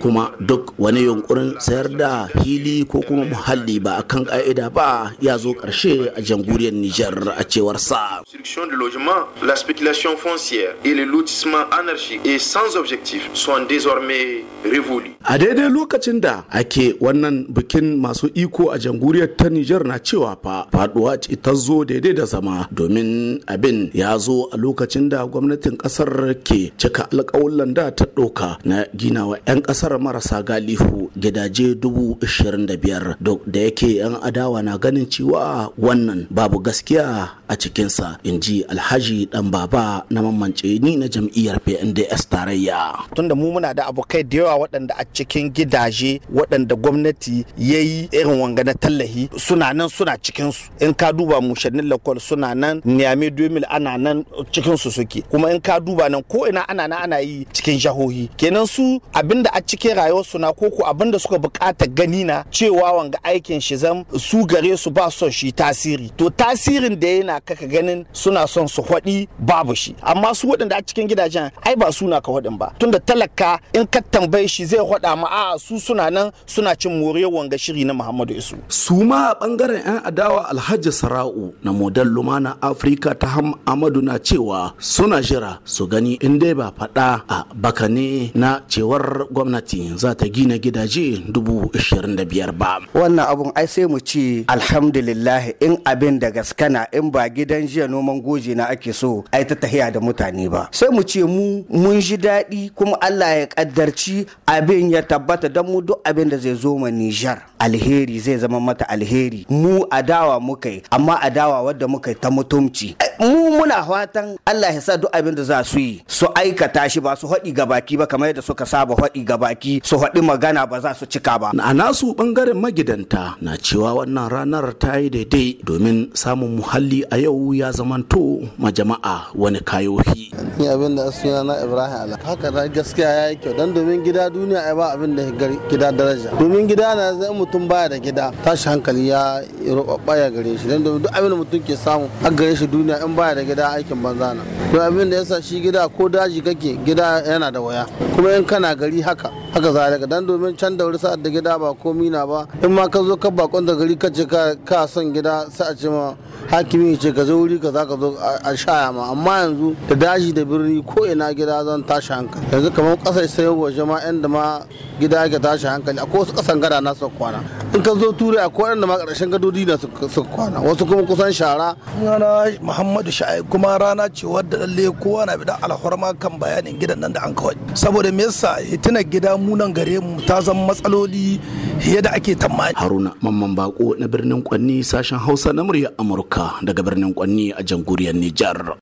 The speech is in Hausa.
Kuma duk wani yunkurin sayar da fili ko kuma muhalli ba a kan ƙa'ida ba ya zo ƙarshe a jamhuriyar Nijar a cewar sa. A daidai lokacin da ake wannan bikin masu iko a jamhuriyar ta Nijar na cewa fa faduwa ta zo daidai da zama domin abin ya zo a lokacin da gwamnatin kasar kasar ke cika alƙawullan da ta ɗauka na ginawa 'yan kasar marasa galihu gidaje dubu da biyar duk da yake 'yan adawa na ganin cewa wannan babu gaskiya a cikinsa in ji alhaji dan baba na mamance ni na jam'iyyar pnds tarayya tunda mu muna da abokai da yawa waɗanda a cikin gidaje waɗanda gwamnati ya yi irin wanga na tallahi suna nan suna cikinsu in ka duba mushannin lakwal suna nan niyame 2000 ana nan cikinsu suke kuma in ka duba abubuwa nan ko ina ana na ana yi cikin jahohi kenan su abinda a cikin rayuwarsu na koko abinda suka bukata gani na cewa wanga aikin shi zam su gare su ba son shi tasiri to tasirin da yana kaka ganin suna son su hwaɗi babu shi amma su waɗanda a cikin gidajen ai ba suna ka hwaɗin ba tunda talaka in ka tambaye shi zai hwaɗa ma a su suna nan suna cin moriyar wanga shiri na Muhammadu Isu su ma a bangaren 'yan adawa Alhaji Sara'u na model Lumana Afirka ta Ham Amadu na cewa suna jira su gani in dai ba faɗa a bakane na cewar gwamnati za ta gina gidaje dubu da biyar ba. Wannan abun ai sai mu ci alhamdulillah in abin da gaskana in ba gidan jiya noman goji na ake so ai ta tahiya da mutane ba. Sai mu ce mu mun ji daɗi kuma Allah ya kaddarci abin ya tabbata don mu duk abin da zai zo ma Nijar alheri zai zama mata alheri mu adawa mukai amma adawa wadda muka ta mutumci. mu muna fatan Allah ya sa duk abin da za su yi su aikata shi ba su haɗi ga baki ba kamar yadda suka saba haɗi ga baki su haɗi magana ba za su cika ba Na nasu ɓangaren magidanta na cewa wannan ranar ta yi daidai domin samun muhalli a yau ya zamanto ma jama'a wani kayohi ni abin da suna na Ibrahim Ala haka na gaskiya ya yi kyau Don domin gida duniya ai ba abin da gida daraja domin gida na zai mutum baya da gida tashi hankali ya rubabba ya gare shi Don domin duk abin da mutum ke samu a gare shi duniya in baya da gida aikin banza na to abin da yasa shi gida ko daji kake gida yana da waya kuma in kana gari haka haka za ka dan domin can da wuri sa'ad da gida ba komi na ba in ma ka zo ka bakon da gari ka ce ka son gida sai a ce ma hakimi ce ka zo wuri ka za ka zo a shaya ma amma yanzu da daji da birni ko ina gida zan tashi hankali yanzu kamar sai waje ma yan da ma gida yake tashi hankali akwai wasu kasan gada na kwana in ka zo turai a kwanan da ma gado gadodi na suka kwana wasu kuma kusan shara sunana muhammadu sha'ai kuma rana ce wadda lalle kowa na da alhorma kan bayanin gidan nan da an kawai saboda me yasa hitinar gida munan gare mu ta zama matsaloli fiye da ake tamani haruna mamman bako na birnin kwanni sashen hausa na murya amurka daga birnin kwanni a jamhuriyar nijar